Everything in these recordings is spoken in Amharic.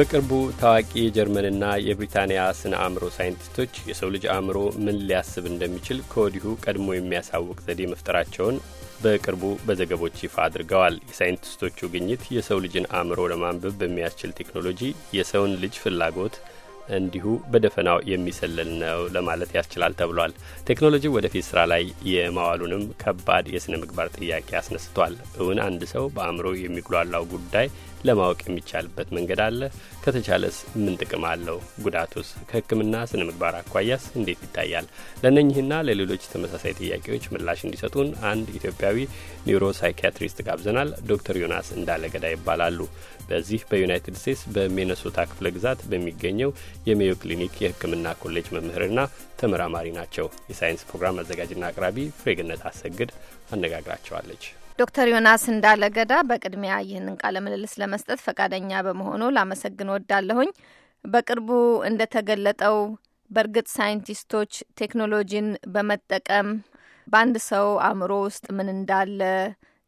በቅርቡ ታዋቂ የጀርመንና የብሪታንያ ስነ አእምሮ ሳይንቲስቶች የሰው ልጅ አእምሮ ምን ሊያስብ እንደሚችል ከወዲሁ ቀድሞ የሚያሳውቅ ዘዴ መፍጠራቸውን በቅርቡ በዘገቦች ይፋ አድርገዋል። የሳይንቲስቶቹ ግኝት የሰው ልጅን አእምሮ ለማንበብ በሚያስችል ቴክኖሎጂ የሰውን ልጅ ፍላጎት እንዲሁ በደፈናው የሚሰልል ነው ለማለት ያስችላል ተብሏል። ቴክኖሎጂ ወደፊት ስራ ላይ የማዋሉንም ከባድ የሥነ ምግባር ጥያቄ አስነስቷል። እውን አንድ ሰው በአእምሮ የሚጉላላው ጉዳይ ለማወቅ የሚቻልበት መንገድ አለ? ከተቻለስ ምን ጥቅም አለው? ጉዳቱስ? ከሕክምና ስነ ምግባር አኳያስ እንዴት ይታያል? ለእነኚህና ለሌሎች ተመሳሳይ ጥያቄዎች ምላሽ እንዲሰጡን አንድ ኢትዮጵያዊ ኒውሮ ሳይኪያትሪስት ጋብዘናል። ዶክተር ዮናስ እንዳለገዳ ይባላሉ። በዚህ በዩናይትድ ስቴትስ በሚነሶታ ክፍለ ግዛት በሚገኘው የሜዮ ክሊኒክ የሕክምና ኮሌጅ መምህርና ተመራማሪ ናቸው። የሳይንስ ፕሮግራም አዘጋጅና አቅራቢ ፍሬግነት አሰግድ አነጋግራቸዋለች። ዶክተር ዮናስ እንዳለ ገዳ በቅድሚያ ይህንን ቃለ ምልልስ ለመስጠት ፈቃደኛ በመሆኑ ላመሰግን ወዳለሁኝ። በቅርቡ እንደተገለጠው በእርግጥ ሳይንቲስቶች ቴክኖሎጂን በመጠቀም በአንድ ሰው አእምሮ ውስጥ ምን እንዳለ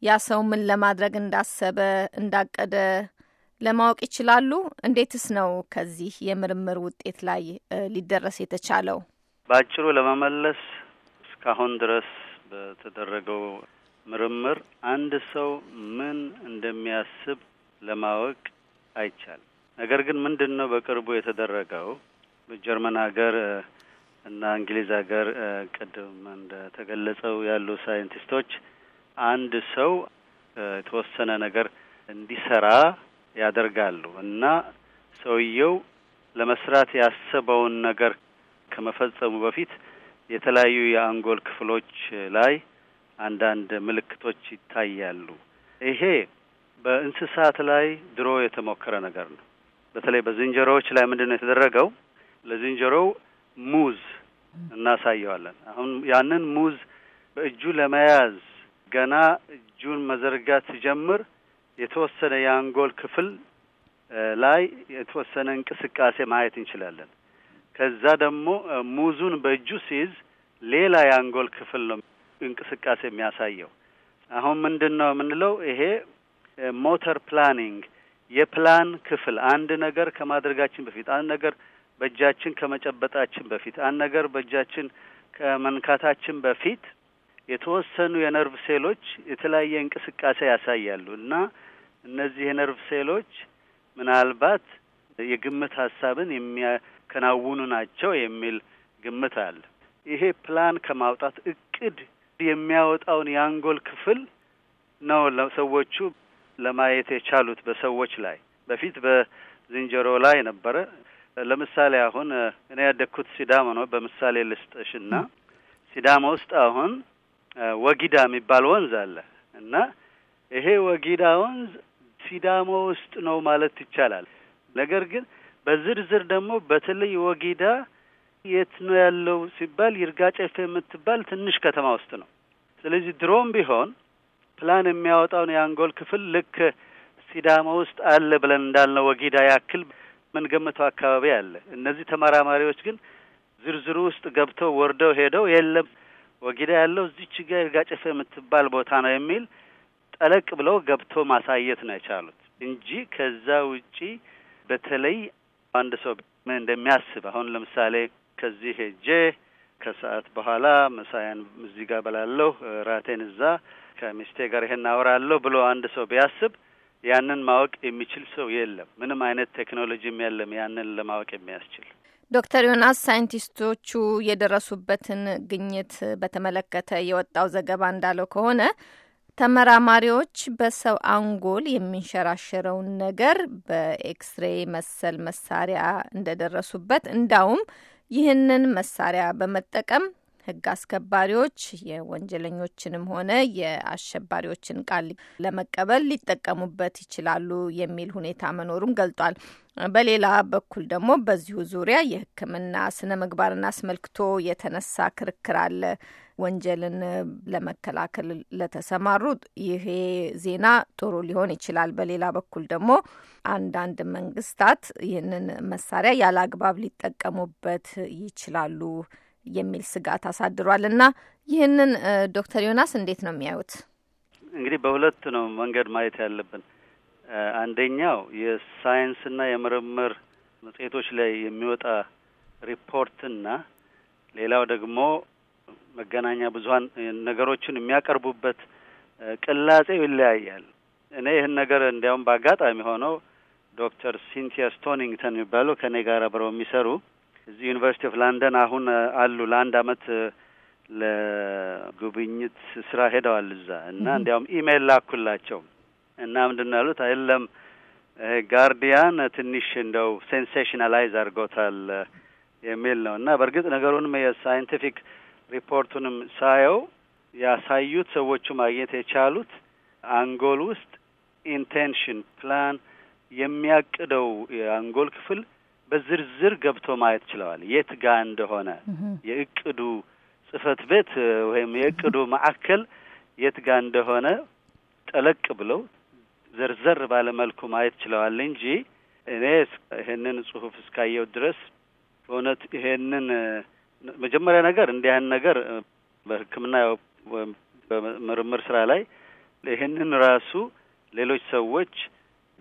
ያ ሰው ምን ለማድረግ እንዳሰበ እንዳቀደ ለማወቅ ይችላሉ። እንዴትስ ነው ከዚህ የምርምር ውጤት ላይ ሊደረስ የተቻለው? በአጭሩ ለመመለስ እስካሁን ድረስ በተደረገው ምርምር አንድ ሰው ምን እንደሚያስብ ለማወቅ አይቻልም። ነገር ግን ምንድን ነው በቅርቡ የተደረገው በጀርመን ሀገር እና እንግሊዝ ሀገር ቅድም እንደተገለጸው ያሉ ሳይንቲስቶች አንድ ሰው የተወሰነ ነገር እንዲሰራ ያደርጋሉ እና ሰውየው ለመስራት ያሰበውን ነገር ከመፈጸሙ በፊት የተለያዩ የአንጎል ክፍሎች ላይ አንዳንድ ምልክቶች ይታያሉ። ይሄ በእንስሳት ላይ ድሮ የተሞከረ ነገር ነው። በተለይ በዝንጀሮዎች ላይ ምንድን ነው የተደረገው? ለዝንጀሮው ሙዝ እናሳየዋለን። አሁን ያንን ሙዝ በእጁ ለመያዝ ገና እጁን መዘርጋት ሲጀምር የተወሰነ የአንጎል ክፍል ላይ የተወሰነ እንቅስቃሴ ማየት እንችላለን። ከዛ ደግሞ ሙዙን በእጁ ሲይዝ ሌላ የአንጎል ክፍል ነው እንቅስቃሴ የሚያሳየው። አሁን ምንድን ነው የምንለው? ይሄ ሞተር ፕላኒንግ የፕላን ክፍል አንድ ነገር ከማድረጋችን በፊት አንድ ነገር በእጃችን ከመጨበጣችን በፊት አንድ ነገር በእጃችን ከመንካታችን በፊት የተወሰኑ የነርቭ ሴሎች የተለያየ እንቅስቃሴ ያሳያሉ እና እነዚህ የነርቭ ሴሎች ምናልባት የግምት ሀሳብን የሚያከናውኑ ናቸው የሚል ግምት አለ። ይሄ ፕላን ከማውጣት እቅድ የሚያወጣውን የአንጎል ክፍል ነው ሰዎቹ ለማየት የቻሉት በሰዎች ላይ። በፊት በዝንጀሮ ላይ ነበረ። ለምሳሌ አሁን እኔ ያደግኩት ሲዳማ ነው። በምሳሌ ልስጥሽ እና ሲዳማ ውስጥ አሁን ወጊዳ የሚባል ወንዝ አለ እና ይሄ ወጊዳ ወንዝ ሲዳማ ውስጥ ነው ማለት ይቻላል። ነገር ግን በዝርዝር ደግሞ በተለይ ወጊዳ የት ነው ያለው ሲባል ይርጋ ጨፌ የምትባል ትንሽ ከተማ ውስጥ ነው። ስለዚህ ድሮም ቢሆን ፕላን የሚያወጣውን የአንጎል ክፍል ልክ ሲዳማ ውስጥ አለ ብለን እንዳልነው ወጊዳ ያክል ምንገምተው አካባቢ አለ። እነዚህ ተመራማሪዎች ግን ዝርዝሩ ውስጥ ገብተው ወርደው ሄደው የለም ወጊዳ ያለው እዚች ጋ ይርጋ ጨፌ የምትባል ቦታ ነው የሚል ጠለቅ ብለው ገብቶ ማሳየት ነው የቻሉት እንጂ ከዛ ውጪ በተለይ አንድ ሰው ምን እንደሚያስብ አሁን ለምሳሌ ከዚህ ሄጄ ከሰዓት በኋላ ምሳዬን እዚህ ጋር በላለሁ፣ ራቴን እዛ ከሚስቴ ጋር ይሄን አወራለሁ ብሎ አንድ ሰው ቢያስብ ያንን ማወቅ የሚችል ሰው የለም። ምንም አይነት ቴክኖሎጂም የለም ያንን ለማወቅ የሚያስችል። ዶክተር ዮናስ ሳይንቲስቶቹ የደረሱበትን ግኝት በተመለከተ የወጣው ዘገባ እንዳለው ከሆነ ተመራማሪዎች በሰው አንጎል የሚንሸራሸረውን ነገር በኤክስሬይ መሰል መሳሪያ እንደደረሱበት እንዳውም ይህንን መሳሪያ በመጠቀም ህግ አስከባሪዎች የወንጀለኞችንም ሆነ የአሸባሪዎችን ቃል ለመቀበል ሊጠቀሙበት ይችላሉ የሚል ሁኔታ መኖሩን ገልጧል። በሌላ በኩል ደግሞ በዚሁ ዙሪያ የሕክምና ስነ ምግባርን አስመልክቶ የተነሳ ክርክር አለ። ወንጀልን ለመከላከል ለተሰማሩ ይሄ ዜና ጥሩ ሊሆን ይችላል። በሌላ በኩል ደግሞ አንዳንድ መንግስታት ይህንን መሳሪያ ያለ አግባብ ሊጠቀሙበት ይችላሉ የሚል ስጋት አሳድሯል። እና ይህንን ዶክተር ዮናስ እንዴት ነው የሚያዩት? እንግዲህ በሁለት ነው መንገድ ማየት ያለብን። አንደኛው የሳይንስና የምርምር መጽሄቶች ላይ የሚወጣ ሪፖርትና ሌላው ደግሞ መገናኛ ብዙሀን ነገሮችን የሚያቀርቡበት ቅላጼው ይለያያል። እኔ ይህን ነገር እንዲያውም በአጋጣሚ ሆነው ዶክተር ሲንቲያ ስቶኒንግተን የሚባሉ ከእኔ ጋር አብረው የሚሰሩ እዚህ ዩኒቨርሲቲ ኦፍ ላንደን አሁን አሉ ለአንድ አመት ለጉብኝት ስራ ሄደዋል እዛ እና እንዲያውም ኢሜይል ላኩላቸው እና ምንድን ነው ያሉት? አይለም ጋርዲያን ትንሽ እንደው ሴንሴሽናላይዝ አድርጎታል የሚል ነው እና በእርግጥ ነገሩንም የሳይንቲፊክ ሪፖርቱንም ሳየው ያሳዩት ሰዎቹ ማግኘት የቻሉት አንጎል ውስጥ ኢንቴንሽን ፕላን የሚያቅደው የአንጎል ክፍል በዝርዝር ገብቶ ማየት ችለዋል። የት ጋ እንደሆነ የእቅዱ ጽህፈት ቤት ወይም የእቅዱ ማዕከል የት ጋ እንደሆነ ጠለቅ ብለው ዘርዘር ባለ መልኩ ማየት ችለዋል እንጂ እኔ ይሄንን ጽሁፍ እስካየው ድረስ በእውነት ይሄንን መጀመሪያ ነገር እንዲያን ነገር በሕክምና በምርምር ስራ ላይ ይህንን ራሱ ሌሎች ሰዎች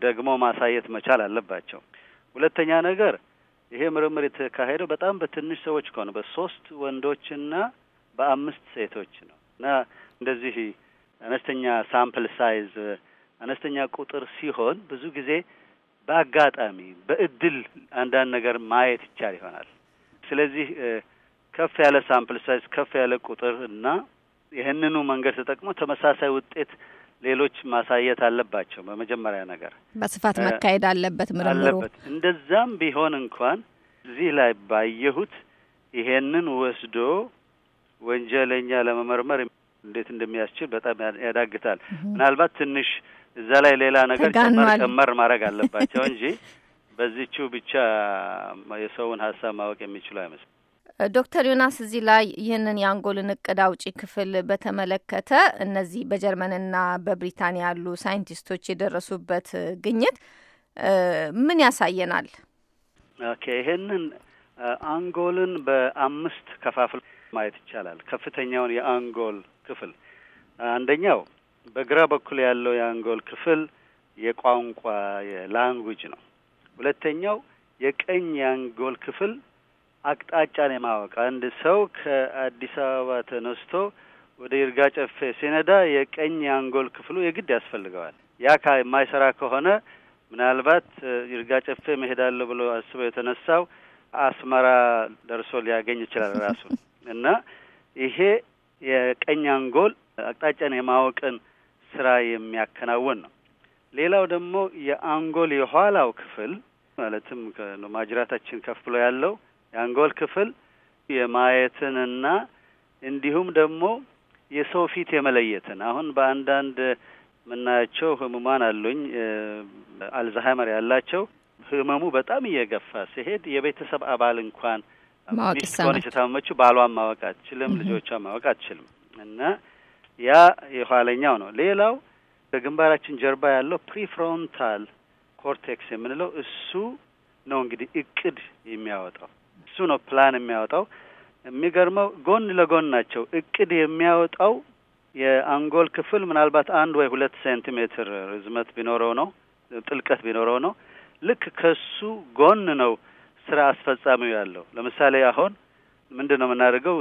ደግሞ ማሳየት መቻል አለባቸው። ሁለተኛ ነገር ይሄ ምርምር የተካሄደው በጣም በትንሽ ሰዎች ከሆነ በሶስት ወንዶችና በአምስት ሴቶች ነው እና እንደዚህ አነስተኛ ሳምፕል ሳይዝ አነስተኛ ቁጥር ሲሆን ብዙ ጊዜ በአጋጣሚ በእድል አንዳንድ ነገር ማየት ይቻል ይሆናል። ስለዚህ ከፍ ያለ ሳምፕል ሳይዝ ከፍ ያለ ቁጥር እና ይህንኑ መንገድ ተጠቅሞ ተመሳሳይ ውጤት ሌሎች ማሳየት አለባቸው። በመጀመሪያ ነገር በስፋት መካሄድ አለበት ምርምሩ አለበት። እንደዛም ቢሆን እንኳን እዚህ ላይ ባየሁት ይሄንን ወስዶ ወንጀለኛ ለመመርመር እንዴት እንደሚያስችል በጣም ያዳግታል። ምናልባት ትንሽ እዛ ላይ ሌላ ነገር ጨመር ማድረግ አለባቸው እንጂ በዚችው ብቻ የሰውን ሀሳብ ማወቅ የሚችሉ አይመስል ዶክተር ዮናስ እዚህ ላይ ይህንን የአንጎልን እቅድ አውጪ ክፍል በተመለከተ እነዚህ በጀርመንና በብሪታንያ ያሉ ሳይንቲስቶች የደረሱበት ግኝት ምን ያሳየናል? ኦኬ ይህንን አንጎልን በአምስት ከፋፍል ማየት ይቻላል። ከፍተኛውን የአንጎል ክፍል አንደኛው በግራ በኩል ያለው የአንጎል ክፍል የቋንቋ የላንጉጅ ነው። ሁለተኛው የቀኝ የአንጎል ክፍል አቅጣጫን የማወቅ አንድ ሰው ከአዲስ አበባ ተነስቶ ወደ ይርጋ ጨፌ ሲነዳ የቀኝ የአንጎል ክፍሉ የግድ ያስፈልገዋል። ያ የማይሰራ ከሆነ ምናልባት ይርጋ ጨፌ መሄዳለሁ ብሎ አስበው የተነሳው አስመራ ደርሶ ሊያገኝ ይችላል ራሱ እና ይሄ የቀኝ አንጎል አቅጣጫን የማወቅን ስራ የሚያከናውን ነው። ሌላው ደግሞ የአንጎል የኋላው ክፍል ማለትም ማጅራታችን ከፍ ብሎ ያለው የአንጎል ክፍል የማየትንና እንዲሁም ደግሞ የሰው ፊት የመለየትን አሁን በአንዳንድ የምናያቸው ህሙማን አሉኝ አልዛሀይመር ያላቸው ህመሙ በጣም እየገፋ ሲሄድ የቤተሰብ አባል እንኳን ሚስት ከሆነች የታመመችው ባሏን ማወቅ አትችልም፣ ልጆቿን ማወቅ አትችልም። እና ያ የኋለኛው ነው። ሌላው በግንባራችን ጀርባ ያለው ፕሪፍሮንታል ኮርቴክስ የምንለው እሱ ነው እንግዲህ እቅድ የሚያወጣው ነው ፕላን የሚያወጣው። የሚገርመው ጎን ለጎን ናቸው። እቅድ የሚያወጣው የአንጎል ክፍል ምናልባት አንድ ወይ ሁለት ሴንቲሜትር ርዝመት ቢኖረው ነው ጥልቀት ቢኖረው ነው። ልክ ከሱ ጎን ነው ስራ አስፈጻሚው ያለው። ለምሳሌ አሁን ምንድን ነው የምናደርገው?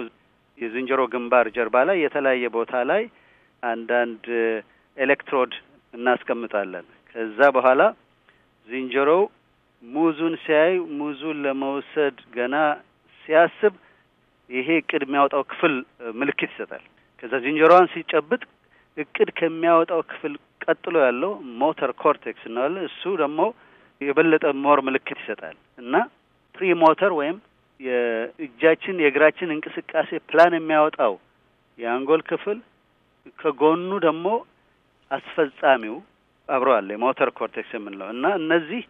የዝንጀሮ ግንባር ጀርባ ላይ የተለያየ ቦታ ላይ አንዳንድ ኤሌክትሮድ እናስቀምጣለን። ከዛ በኋላ ዝንጀሮው ሙዙን ሲያይ ሙዙን ለመውሰድ ገና ሲያስብ ይሄ እቅድ የሚያወጣው ክፍል ምልክት ይሰጣል። ከዛ ዝንጀሮዋን ሲጨብጥ እቅድ ከሚያወጣው ክፍል ቀጥሎ ያለው ሞተር ኮርቴክስ እንለዋለን። እሱ ደግሞ የበለጠ ሞር ምልክት ይሰጣል እና ፕሪ ሞተር ወይም የእጃችን የእግራችን እንቅስቃሴ ፕላን የሚያወጣው የአንጎል ክፍል ከጎኑ ደግሞ አስፈጻሚው አብረዋል የሞተር ኮርቴክስ የምንለው እና እነዚህ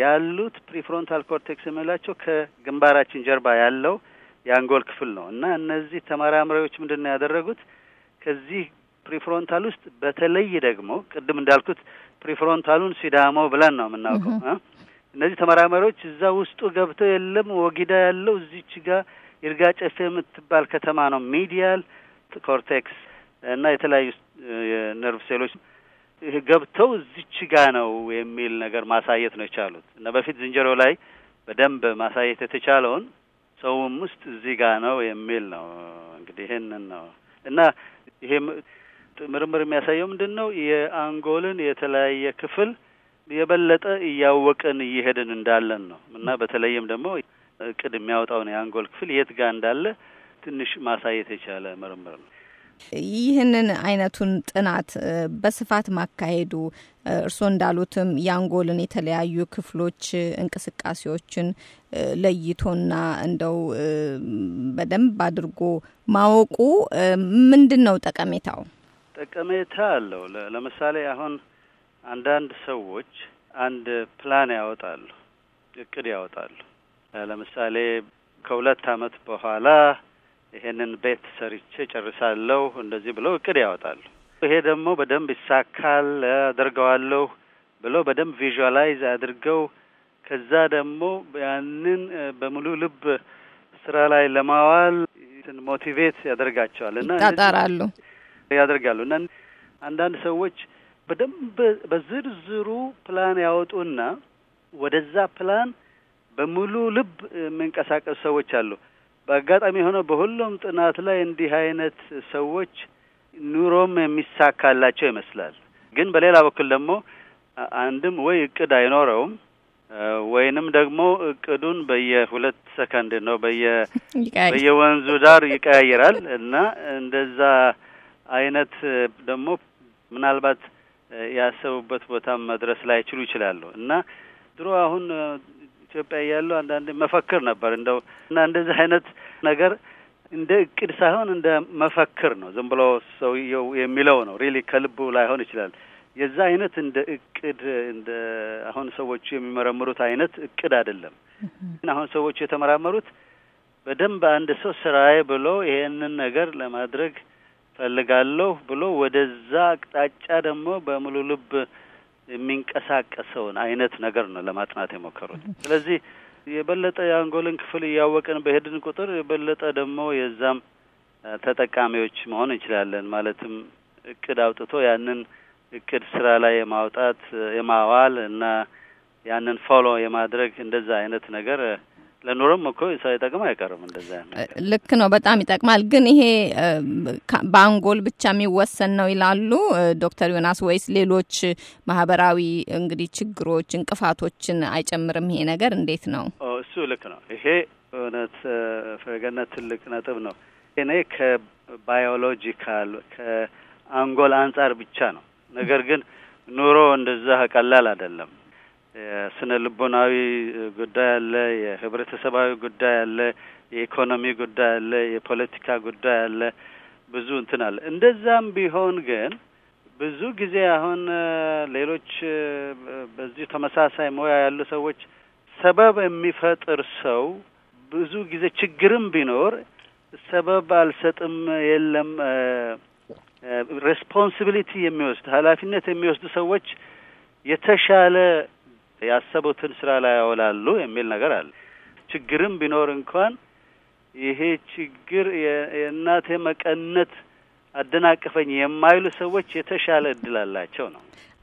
ያሉት ፕሪፍሮንታል ኮርቴክስ የምንላቸው ከግንባራችን ጀርባ ያለው የአንጎል ክፍል ነው እና እነዚህ ተመራማሪዎች ምንድን ነው ያደረጉት ከዚህ ፕሪፍሮንታል ውስጥ በተለይ ደግሞ ቅድም እንዳልኩት ፕሪፍሮንታሉን ሲዳሞ ብለን ነው የምናውቀው። እነዚህ ተመራማሪዎች እዛ ውስጡ ገብተው የለም ወጊዳ ያለው እዚች ጋር ይርጋ ጨፌ የምትባል ከተማ ነው ሚዲያል ኮርቴክስ እና የተለያዩ የነርቭ ሴሎች ገብተው እዚች ጋ ነው የሚል ነገር ማሳየት ነው የቻሉት እና በፊት ዝንጀሮ ላይ በደንብ ማሳየት የተቻለውን ሰውም ውስጥ እዚህ ጋ ነው የሚል ነው። እንግዲህ ይህንን ነው እና ይሄ ምርምር የሚያሳየው ምንድን ነው? የአንጎልን የተለያየ ክፍል የበለጠ እያወቅን እየሄድን እንዳለን ነው እና በተለይም ደግሞ እቅድ የሚያወጣውን የአንጎል ክፍል የት ጋር እንዳለ ትንሽ ማሳየት የቻለ ምርምር ነው። ይህንን አይነቱን ጥናት በስፋት ማካሄዱ እርስዎ እንዳሉትም የአንጎልን የተለያዩ ክፍሎች እንቅስቃሴዎችን ለይቶና እንደው በደንብ አድርጎ ማወቁ ምንድን ነው ጠቀሜታው? ጠቀሜታ አለው። ለምሳሌ አሁን አንዳንድ ሰዎች አንድ ፕላን ያወጣሉ፣ እቅድ ያወጣሉ። ለምሳሌ ከሁለት አመት በኋላ ይሄንን ቤት ሰርቼ ጨርሳለሁ እንደዚህ ብለው እቅድ ያወጣሉ። ይሄ ደግሞ በደንብ ይሳካል አደርገዋለሁ ብለው በደንብ ቪዥዋላይዝ አድርገው ከዛ ደግሞ ያንን በሙሉ ልብ ስራ ላይ ለማዋል ሞቲቬት ያደርጋቸዋል እና ይጣጣራሉ ያደርጋሉ እና አንዳንድ ሰዎች በደንብ በዝርዝሩ ፕላን ያወጡና ወደዛ ፕላን በሙሉ ልብ የሚንቀሳቀሱ ሰዎች አሉ። በአጋጣሚ የሆነው በሁሉም ጥናት ላይ እንዲህ አይነት ሰዎች ኑሮም የሚሳካላቸው ይመስላል። ግን በሌላ በኩል ደግሞ አንድም ወይ እቅድ አይኖረውም ወይንም ደግሞ እቅዱን በየሁለት ሰከንድ ነው በየ በየወንዙ ዳር ይቀያየራል እና እንደዛ አይነት ደግሞ ምናልባት ያሰቡበት ቦታ መድረስ ላይችሉ ይችላሉ እና ድሮ አሁን ኢትዮጵያ እያለሁ አንዳንዴ መፈክር ነበር እንደው እና እንደዚህ አይነት ነገር እንደ እቅድ ሳይሆን እንደ መፈክር ነው። ዝም ብሎ ሰውየው የሚለው ነው። ሪሊ ከልቡ ላይሆን ይችላል። የዛ አይነት እንደ እቅድ እንደ አሁን ሰዎቹ የሚመረምሩት አይነት እቅድ አይደለም። ግን አሁን ሰዎቹ የተመራመሩት በደንብ አንድ ሰው ስራዬ ብሎ ይሄንን ነገር ለማድረግ ፈልጋለሁ ብሎ ወደዛ አቅጣጫ ደግሞ በሙሉ ልብ የሚንቀሳቀሰውን አይነት ነገር ነው ለማጥናት የሞከሩት። ስለዚህ የበለጠ የአንጎልን ክፍል እያወቅን በሄድን ቁጥር የበለጠ ደግሞ የዛም ተጠቃሚዎች መሆን እንችላለን። ማለትም እቅድ አውጥቶ ያንን እቅድ ስራ ላይ የማውጣት የማዋል እና ያንን ፎሎ የማድረግ እንደዛ አይነት ነገር ለኖረም እኮ ሳይጠቅም አይቀርም። እንደዚያ ልክ ነው፣ በጣም ይጠቅማል። ግን ይሄ በአንጎል ብቻ የሚወሰን ነው ይላሉ ዶክተር ዮናስ ወይስ ሌሎች ማህበራዊ እንግዲህ ችግሮች፣ እንቅፋቶችን አይጨምርም? ይሄ ነገር እንዴት ነው? እሱ ልክ ነው። ይሄ እውነት ፈገነት ትልቅ ነጥብ ነው። እኔ ከባዮሎጂካል ከአንጎል አንጻር ብቻ ነው። ነገር ግን ኑሮ እንደዛ ቀላል አይደለም። የስነ ልቦናዊ ጉዳይ አለ፣ የህብረተሰባዊ ጉዳይ አለ፣ የኢኮኖሚ ጉዳይ አለ፣ የፖለቲካ ጉዳይ አለ። ብዙ እንትን አለ። እንደዛም ቢሆን ግን ብዙ ጊዜ አሁን ሌሎች በዚህ ተመሳሳይ ሙያ ያሉ ሰዎች ሰበብ የሚፈጥር ሰው ብዙ ጊዜ ችግርም ቢኖር ሰበብ አልሰጥም የለም ሬስፖንሲቢሊቲ የሚወስድ ኃላፊነት የሚወስዱ ሰዎች የተሻለ ያሰቡትን ስራ ላይ ያውላሉ የሚል ነገር አለ። ችግርም ቢኖር እንኳን ይሄ ችግር የእናቴ መቀነት አደናቅፈኝ የማይሉ ሰዎች የተሻለ እድል አላቸው ነው።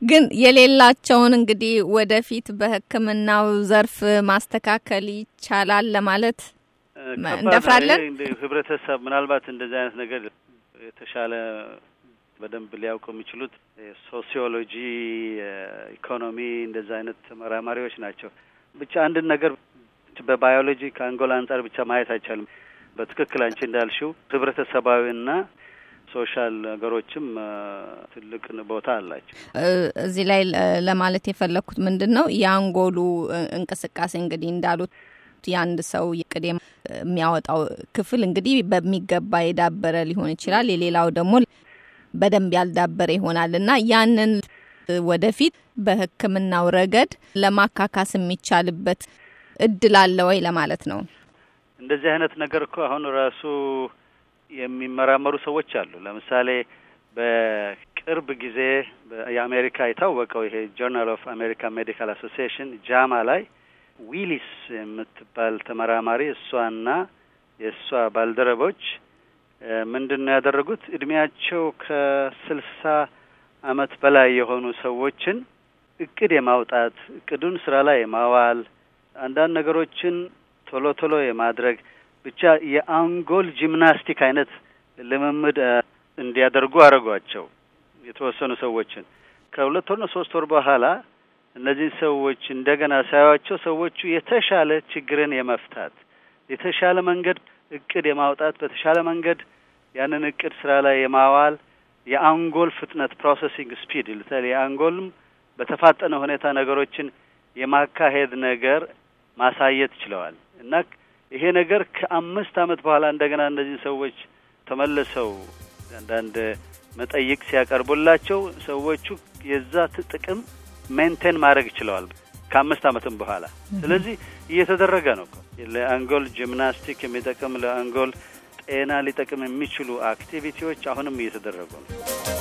ግን የሌላቸውን እንግዲህ ወደፊት በሕክምናው ዘርፍ ማስተካከል ይቻላል ለማለት እንደፍራለን። ህብረተሰብ ምናልባት እንደዚህ አይነት ነገር የተሻለ በደንብ ሊያውቁ የሚችሉት ሶሲዮሎጂ፣ ኢኮኖሚ እንደዚህ አይነት ተመራማሪዎች ናቸው። ብቻ አንድን ነገር በባዮሎጂ ከአንጎል አንጻር ብቻ ማየት አይቻልም። በትክክል አንቺ እንዳልሽው ህብረተሰባዊና ሶሻል ነገሮችም ትልቅ ቦታ አላቸው። እዚህ ላይ ለማለት የፈለግኩት ምንድን ነው የአንጎሉ እንቅስቃሴ እንግዲህ እንዳሉት የአንድ ሰው ቅዴ የሚያወጣው ክፍል እንግዲህ በሚገባ የዳበረ ሊሆን ይችላል። የሌላው ደግሞ በደንብ ያልዳበረ ይሆናል እና ያንን ወደፊት በሕክምናው ረገድ ለማካካስ የሚቻልበት እድል አለ ወይ ለማለት ነው። እንደዚህ አይነት ነገር እኮ አሁን ራሱ የሚመራመሩ ሰዎች አሉ። ለምሳሌ በቅርብ ጊዜ የአሜሪካ የታወቀው ይሄ ጆርናል ኦፍ አሜሪካን ሜዲካል አሶሲሽን ጃማ ላይ ዊሊስ የምትባል ተመራማሪ እሷና የእሷ ባልደረቦች ምንድን ነው ያደረጉት? እድሜያቸው ከስልሳ አመት በላይ የሆኑ ሰዎችን እቅድ የማውጣት እቅዱን ስራ ላይ የማዋል አንዳንድ ነገሮችን ቶሎ ቶሎ የማድረግ ብቻ የአንጎል ጂምናስቲክ አይነት ልምምድ እንዲያደርጉ አድርጓቸው የተወሰኑ ሰዎችን ከሁለት ወር ነው ሶስት ወር በኋላ እነዚህ ሰዎች እንደገና ሳያቸው ሰዎቹ የተሻለ ችግርን የመፍታት የተሻለ መንገድ እቅድ የማውጣት በተሻለ መንገድ ያንን እቅድ ስራ ላይ የማዋል የአንጎል ፍጥነት ፕሮሰሲንግ ስፒድ ይሉታል። የአንጎልም በተፋጠነ ሁኔታ ነገሮችን የማካሄድ ነገር ማሳየት ችለዋል እና ይሄ ነገር ከአምስት ዓመት በኋላ እንደገና እነዚህ ሰዎች ተመልሰው አንዳንድ መጠይቅ ሲያቀርቡላቸው ሰዎቹ የዛ ጥቅም ሜንቴን ማድረግ ችለዋል ከአምስት ዓመትም በኋላ። ስለዚህ እየተደረገ ነው። ለአንጎል ጂምናስቲክ የሚጠቅም ለአንጎል ጤና ሊጠቅም የሚችሉ አክቲቪቲዎች አሁንም እየተደረጉ ነው።